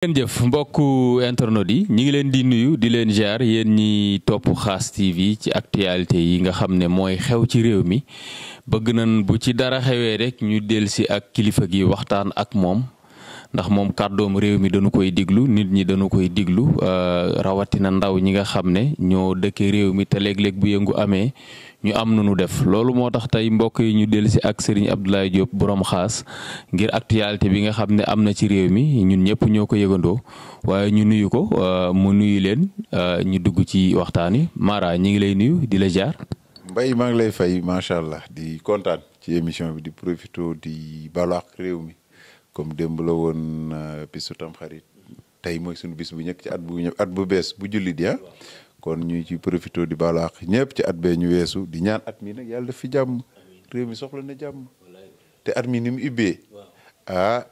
ngeen jëf mbokku internautes yi ñi ngi leen di nuyu di leen jaar yéen ñi topp xaas TV ci actualité yi nga xam ne mooy xew ci réew mi bëgg nañ bu ci dara xewee rek ñu delsi ak kilifa gi waxtaan ak moom ndax moom kàddoom réew mi dañu koy diglu nit ñi dañu koy diglu euh, rawatina ndaw ñi nga xam ne ñoo dëkkee réew mi te léeg-léeg bu yëngu amee ñu am na nu def loolu moo tax tey mbokk yi ñu dellusi ak Serigne Abdoulaye Diop borom xaas ngir actualité bi nga xam ne am na ci réew mi ñun ñëpp ñoo ko yëgandoo waaye ñu nuyu ko euh, mu nuyu leen euh, ñu dugg ci waxtaan yi Mara ñi ngi lay nuyu di la jaar. Mbaye maa ngi lay fay macha allah di kontaan ci émission bi di profito di balaax réew mi comme démb la woon euh, bisu tam xarit tey mooy suñu bis bu njëkk ci at bu ñëw at bu bees bu jullit ya kon ñu ci profité di baalu àq ñëpp ci at bee ñu weesu di ñaan at mi nag yàlla def fi jàmm réew mi soxla na jàmm at mi ni mu ubbee ah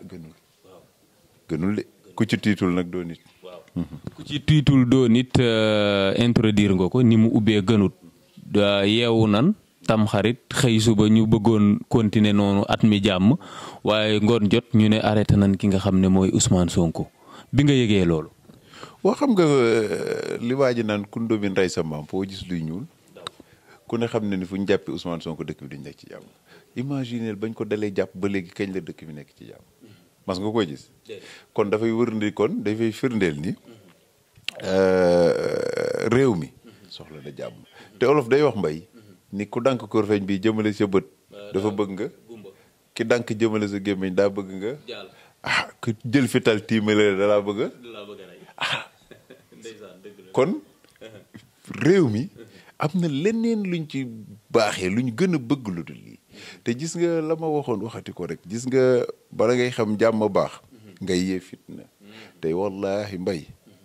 ku ci tiitul nag doo nit ku ci tiitul doo nit euh, introduire nga ko ni mu ubbee gënut yeewu nan tamxarit xëy suba ñu bëggoon continuer noonu at mi jàmm waaye ngoon jot ñu ne arrêté nan ki nga xam ne mooy Ousmane Sonko bi nga yëgee loolu waa xam nga euh, li waa ji naan kundo bi ndey sa maam foo gis luy ñuul ku ne xam ne ni fu ñu jàppee Ousmane Sonko dëkk bi duñ nekk ci jàmm imaginer bañ ko dalee jàpp ba léegi kañ la dëkk bi nekk ci jàmm mas nga koy gis kon dafay wërndi kon dafay firndeel ni euh, réew mi soxla na jàmm te olof day wax mbay ni ku dànk korfeñ bi jëmale sa bët euh, dafa bëgg nga ki dànk jëmale sa gémmiñ daa bëgg nga ah jël fital tiimale dalaa bëgg ah kon réew mi am na leneen luñ ci baaxee luñ gën a bëgg lu dul lii te gis nga la ma waxoon waxati ko rek gis nga bala ngay xam jàmm baax nga yee fitna mm-hmm. te wallaahi mbay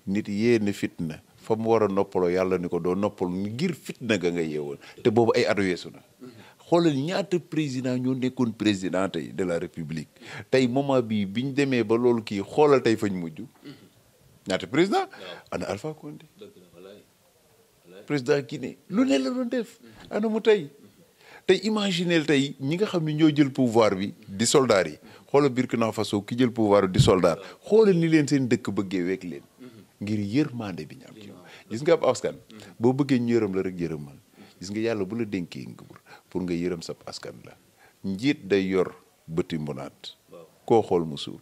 nit yee na fitna fa mu war a noppaloo yàlla ni ko doo noppal ngir fitna ga nga woon te boobu ay at weesu na mm-hmm. xoolal ñaata président ñoo nekkoon président tey de la république mm-hmm. tey moment bii ñu demee ba loolu kii xoolal tey fañ mujj ñaata président ana Alpha Condé président Guinée lu ne la doon def ana mu tey tey imaginel tey ñi nga xam ne ñoo jël pouvoir bi di soldaar yi xoola Burkina Faso ki jël pouvoir bi di soldaar xoola ni leen seen dëkk bëggee week leen ngir yërmande bi ñu ci gis nga ab askan boo bëggee ñu yërëm la rek yërëmal gis nga yàlla bu la dénkee nguur pour nga yërëm sab askan la njiit day yor bëti mbunaat koo xool mu suur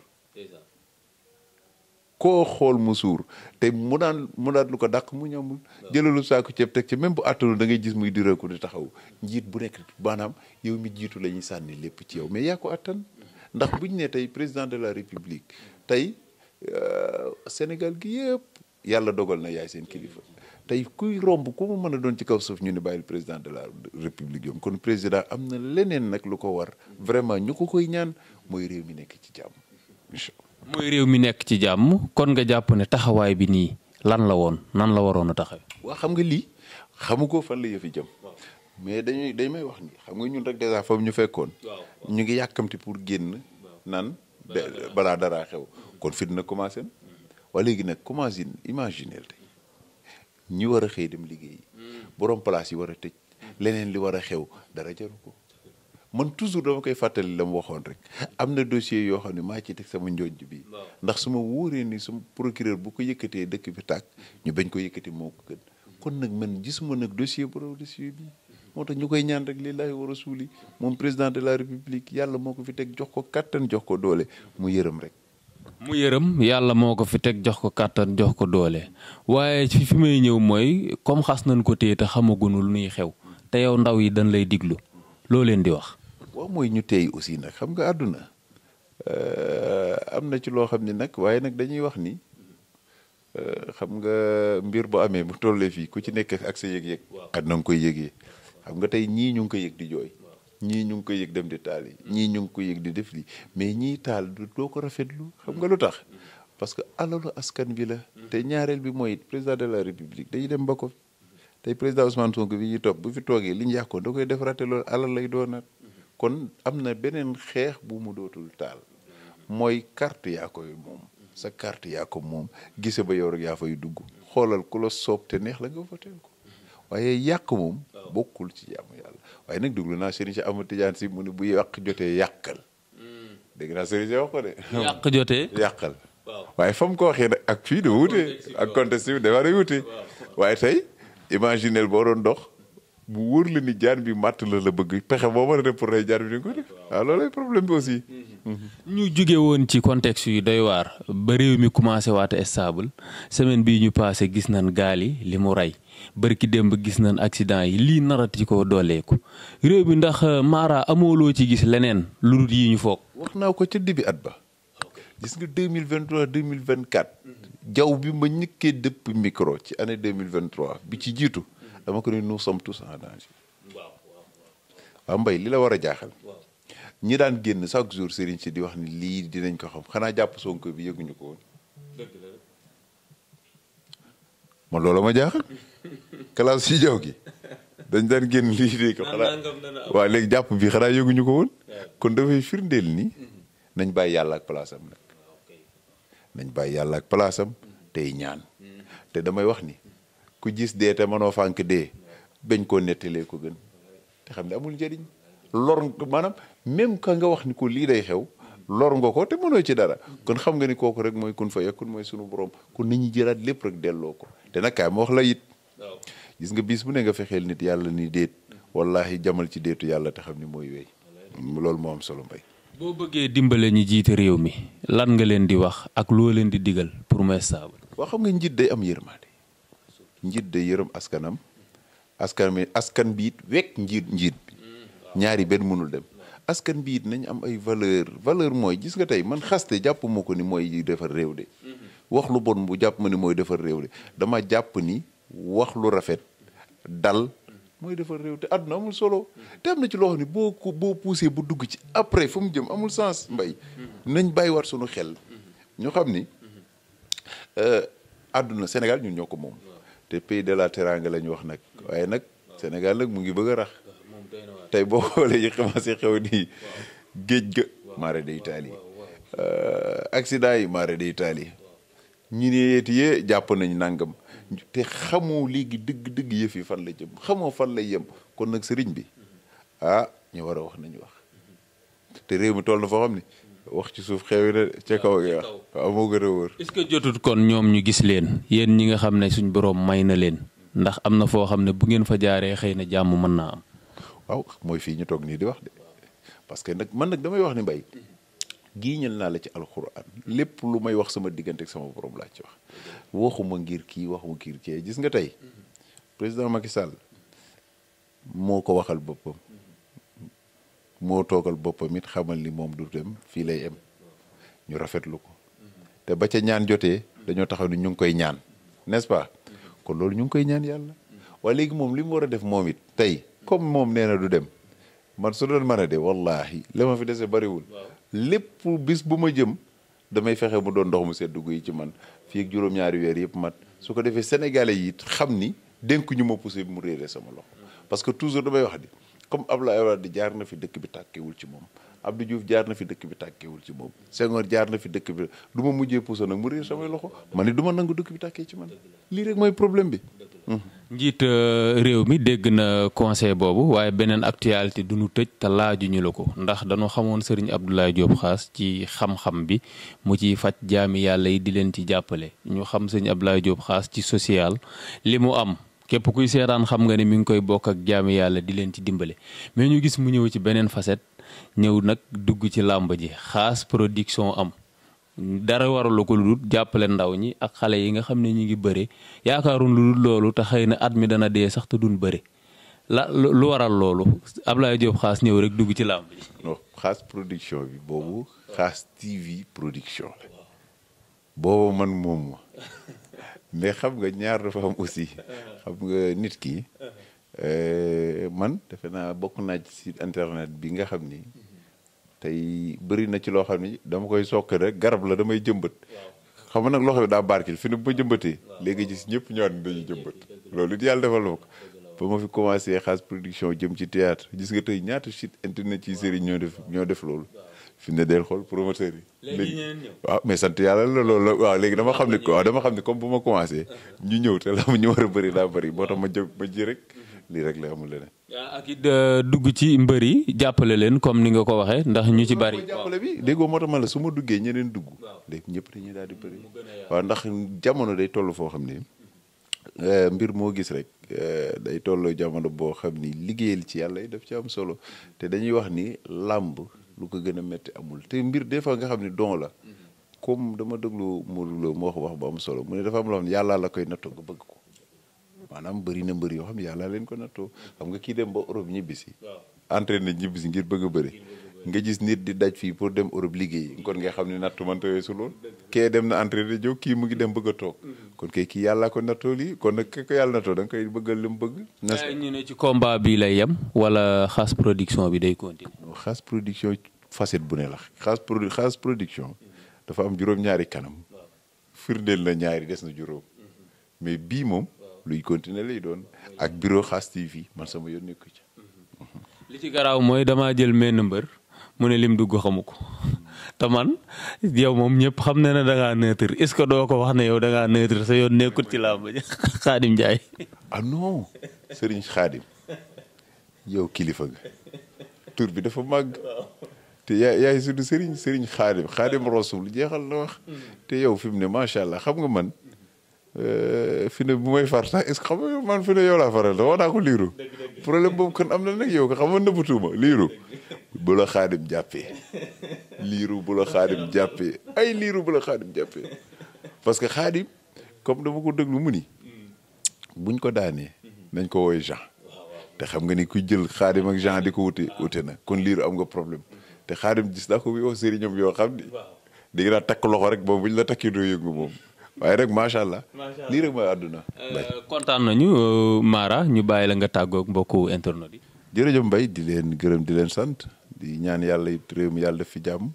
koo xool mu suur te mu daan mu daan lu ko dàq mu ñamul jëlalu saako ceeb teg ci même bu àttanul da ngay gis muy direeku di taxaw njiit bu nekk maanaam yow mi jiitu la ñuy sànni lépp ci yow mais yaa ko àttan ndax buñ ne tey président de la république tey euh, Sénégal gi yëpp yàlla dogal na yaay seen kilifa tey kuy romb ku mu mën a doon ci kaw suuf ñu ni bàyyil président de la république yoom kon président am na leneen nag lu ko war vraiment ñu ko koy ñaan mooy réew mi nekk ci jàmm incha mooy réew mi nekk ci jàmm kon nga jàpp ne taxawaay bi nii lan la woon nan la waroon a taxawee. waa xam nga lii xamu koo fan la yëfi jëm. mais dañuy dañ may wax ni xam nga ñun rek dèjà foofu ñu fekkoon. ñu ngi yàkkamti pour génn. nan balaa dara xew. kon fitna commencé na. waa léegi nag commencé imagineel tey ñi war a xëy dem liggéey. Hmm. borom place yi war a tëj. Hmm. leneen li war a xew dara jaru ko. man toujours dama koy fàttali la mu waxoon rek am na dossier yoo xam ne maa ci teg sama njooj bi ndax su ma wóoree ni sama procureur bu ko yëkkatee dëkk bi tàkk ñu bañ ko yëkkati moo ko gën kon nag man nag dossier bu moo tax ñu koy ñaan rek lillaahi wa rasuuli moom président de la république yàlla moo ko fi teg jox ko kàttan jox ko doole mu yërëm rek mu yërëm yàlla moo ko fi teg jox ko kàttan jox ko doole waaye fi fi may ñëw mooy comme xas nañ ko téye te xamagunu lu ñuy xew te yow ndaw yi dañ lay diglu loo leen di wax waaw mooy ñu tey aussi nag xam nga àdduna eh, am na ci loo xam ni nag waaye nag dañuy wax ni eh, xam nga mbir bu amee bu tollee fii ku ci nekk ak sa yëg-yëg. ak na nga koy yëgee xam nga tey ñii ñu ngi koy yëg di jooy. ñii ñu ngi koy yëg dem di taal yi ñii ñu ngi koy yëg di def lii mais ñii taal du doo ko rafetlu xam nga lu tax mm-hmm. parce que alalu askan bi la mm-hmm. te ñaareel bi mooy président de la république dañuy dem ba ko mm-hmm. tey président Ousmane Sonko bi ñuy topp bu fi toogee li ñu yàqoon da koy def rate loolu alal lay doonaat kon am na beneen xeex bu mu dootul taal mooy carte yaa koy moom sa carte yaa ko moom gise ba yow rek yaa fay dugg xoolal ku la soob te neex la nga voteel ko waaye yàq moom bokkul ci jaamu yàlla waaye nag duglu naa Serigne si Amadou Tidiane si mu ne bu yàq jotee yàqal hmm. dégg naa Serigne si wax ko de. yàq jotee yàqal. waaye fam ko waxee nag ak fii de wuute ak contexte bi wute waaye tey imaginel boo doon dox. mu wóor la ni jaan bi màtt la la bëgg pexe boo mën a def pour rey jaan bi di ko def waaw ah, loolay problème bi aussi. Mhm. Mhm. ñu jóge woon ci contexte yu doy waar ba réew mi commencé waate stable semaine bii ñu passé gis nañ gaal yi li mu rey bërki démb gis nañ accident yi lii narati ko dooleeku réew mi ndax euh, Mara amooloo ci gis leneen lu dul yi ñu foog. wax naa ko ca début at ba. gis nga deux mille vingt trois mille vingt quatre. Mhm. jaww bi ma ñëkkee dëpp micro ci année deux mille vingt bi ci jiitu. dama ko ni nous sommes tous en danger waaw mbay li la war a jaaxal ñi daan génn chaque jour sëriñ si di wax ni lii dinañ ko xam xanaa jàpp Sonko bi yëguñu ko woon ma loolu ma jaaxal classe si jaw gi dañ daan génn lii dee ko xanaa léegi jàpp bi xanaa yëguñu ko woon kon dafay firndeel ni nañ bàyyi yàlla ak place nag nañ bàyyi yàlla ak place tey ñaan mm. te damay wax ni ku gis dee te mënoo fànk dee bañ koo nettalee ko gën te xam ne amul njëriñ lor maanaam même ka nga wax ni ko lii day xew lor nga ko te mënoo ci dara kon xam nga ni kooku rek mooy kun fa yekkun mooy sunu borom kon nañu jëraat lépp rek delloo ko te nag ma wax la it gis nga biis bu ne nga fexeel nit yàlla ni déet wallahi jamal ci déetu yàlla te xam ni mooy wéy loolu moo am solo mbay boo bëggee dimbale ñu jiite réew mi lan nga leen di wax ak loo leen di digal pour mu stable. waa xam nga njiit day am yërmande njiit de yërëm askanam askan bi askan bi it wekk njiit njiit bi ñaari benn mënul dem askan bi it nañ am ay valeur valeur mooy gis nga tey man xaste jàpp ma ko ni mooy defar réew de wax lu bon bu jàpp ma mooy defar réew dama jàpp ni wax lu rafet dal mooy defar réew te àdduna amul solo te am na ci loo xam boo ko boo bu dugg ci après fu mu jëm amul sens mbay nañ bàyyi war sunu xel ñu xam ni euh, àdduna senegal ñun ñoo ko moom te pays de la teranga la ñu wax nag waaye nag Sénégal nag mu ngi bëgg a rax tey boo xoolee yi commencé xew nii géej ga ma de Italie euh, accident yi mare de Italie ñu ne yeeti yee nañ nangam te xamoo léegi dëgg dëgg yëf fan la jëm xamoo fan lay yëm kon nag sëriñ bi ah, ñu war a wax nañu wax te réew mi toll na foo ni wax ci suuf xew na ca kaw ya waaw moo gën a wóor. est-ce que jotut kon ñoom ñu gis leen yéen ñi nga xam ne suñ boroom may na leen ndax am na foo xam ne bu ngeen fa jaaree xëy na jàmm mën naa am. waaw mooy fii ñu toog nii di wax parce que nag man nag damay wax ni mbay giiñal naa la ci alxuraan lépp lu may wax sama diggante ak sama borom laa ci wax waxuma ngir kii waxuma ngir kii gis nga tey président Macky Sall moo ko waxal boppam. moo toogal boppam it xamal ni moom du dem fii lay em ñu rafetlu ko te ba ca ñaan jotee dañoo taxaw ni ñu ngi koy ñaan n'est-ce pas kon loolu ñu ngi koy ñaan yàlla waaye léegi moom li mu war a def moom it tey comme moom nee na du dem man su doon mën a de wallaahi la ma fi dese bariwul lépp bis bu ma jëm damay fexe mu doon ndox mu sedd dugg yi ci man fii juróom-ñaari weer yëpp mat su ko defee sénégalais it xam ni dénk ñu ma poussé bi mu réere sama loxo parce que toujours damay wax di comme Abdoulaye Wade jaar na fi dëkk bi tàkkewul ci moom Abdou Diouf jaar na fi dëkk bi tàkkewul ci moom Senghor jaar na fi dëkk bi du ma mujjee puusa nag mu riir samay loxo ma ne du ma nangu dëkk bi tàkkee ci man lii rek mooy problème bi njiit euh, réew mi dégg na conseil boobu waaye beneen actualité du ñu tëj te laajuñu la ko ndax dañoo xamoon sëriñ Abdoulaye Diop xaas ci xam-xam bi mu ciy faj jaami yàlla yi di leen ci jàppale ñu xam sëriñ Abdoulaye Diop xaas ci social li mu am képp kuy seetaan xam nga ne mu ngi koy bokk ak jaami yàlla di leen ci dimbale mais ñu gis mu ñëw ci beneen facette ñëw nag dugg ci làmb ji xaas production am dara waralu ko lu dul jàppale ndaw ñi ak xale yi nga xam ne ñu ngi bëre yaakaaroon lu dul loolu te xëy na at mi dana dee sax te duñ bëre la lu waral loolu Ablaye Diop xaas ñëw rek dugg ci làmb ji. xaas production bi boobu xaas TV production boobu man moom mais xam nga ñaar dafa am aussi xam nga nit ki euh, man defe naa bokk naa ci site internet bi nga xam ni tey bëri na ci loo xam ni dama koy sokk rek garab la damay jëmbat xam nga nag loxo bi daa barkil fi ne ba jëmbatee léegi gis ñëpp ñëwaat ni dañuy jëmbat loolu it yàlla defal ma ko ba ma fi commencé xaas production jëm ci théâtre gis nga tey ñaata site internet ci série ñoo def ñoo def loolu fi ne del xool promoteur yi. léegi waaw mais sant yàlla la waaw léegi dama xam ne waaw dama xam ne comme bu ma commencé. ñu ñëw te la ñu war a bëri daa bëri moo tax ma jë ma ji rek mhm. lii rek la amul leneen. ak it euh, dugg ci mbër yi jàppale leen comme ni nga ko waxee ndax ñu ci bari. jàppale bi déggoo moo tax ma la su ma duggee ñeneen dugg. léegi ñëpp ñu daal di bëri. waaw ndax jamono day toll foo xam ne euh, mbir moo gis rek. Euh, day toll jamono boo xam ni liggéeyal ci yàlla daf ci am solo te dañuy wax ni làmb. lu ko gën a métti amul te mbir des nga xam ne don la comme dama déglu Modou Lo mu wax wax bu am solo mu ne dafa am loo xam la koy nattoo nga bëgg ko maanaam bëri na mbëri yoo xam ne yàllaa leen ko nattoo xam nga kii dem ba Europe ñibbisi entraîné ñibbisi ngir bëgg a bëri nga gis nit di daj fi pour dem Europe liggéey kon nga xam ne nattu man tawee su lool kee dem na entraîné jóg kii mu ngi dem bëgg a toog mm-hmm. kon kay kii yàllaa ko nattoo lii kon nag ki ko yàlla da koy bëggal li mu bëgg ñu ne ci combat bi lay yem wala xaas production bi day continuer xaas production facette bu ne la xaas produ xaas production dafa am juróom-ñaari kanam firndeel na ñaari des na juróom mais bii moom luy continuer lay doon ak bureau xaas TV man sama yoon nekku ci. li ci garaaw mooy damaa jël menn mbër mu ne lim dugg xamu ko te man yow moom ñëpp xam na ne da ngaa neutre ce que doo ko wax ne yow da ngaa neutre sa yoon nekkut ci laa ji Xaadim Njaay ah non Sëriñ Xaadim yow kilifa nga tur bi dafa màgg. te yaay yaay suñu sëriñ sëriñ xaadim xaadim rasul jeexal na wax te yow fi mu ne macha allah xam nga man euh, fi ne bu may far sax est yow laa faral wax liiru problème boobu kon am na nag yow ko xam nga nëbbatuuma liiru bu la xaadim jàppee liiru bu la xaadim ay liiru bu la xaadim parce que xaadim comme dama ko déglu mu buñ ko daanee nañ ko woy Jean te xam nga ni ku jël xaadim ak Jean di ko wute wute na kon liiru am nga problème te xaadim gis naa ko muy wax sëriñam yoo xam ni di takk loxo rek boobu bu ñu la takki doo yëngu moom waaye rek macha allah lii rek mooy àdduna euh, kontaan nañu euh, Mara ñu bàyyi la nga tàggoog mbokku internet yi jërëjëf Mbaye di leen gërëm di leen sant di ñaan yàlla it réew mi yàlla fi jàmm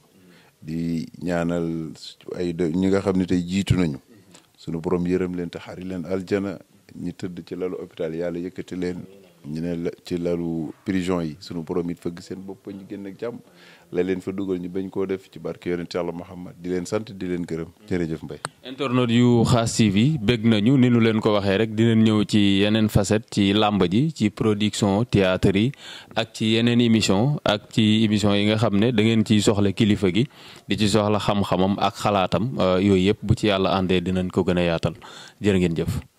di ñaanal ay ñi nga xam ne tey jiitu nañu sunu borom yërëm leen te xari leen aljana ñi tëdd ci lalu hôpital yàlla yëkkati leen ñu ne ci lalu prison yi sunu borom it fëgg seen bopp ñu génn ak jàmm la leen fa dugal ñu bañ koo def ci barke yonent yàlla Muhammad di leen sant di leen gërëm jërëjëf Mbaye internautes yu Khass TV bëgg nañu ni nu leen ko waxee rek dinañ ñëw ci yeneen facette ci làmb ji ci production théâtre yi ak ci yeneen émission ak ci émission yi nga xam ne da ngeen ciy soxla kilifa gi di ci soxla xam-xamam ak xalaatam euh, yooyu yëpp bu ci yàlla àndee dinañ ko gën a yaatal jër ngeen jëf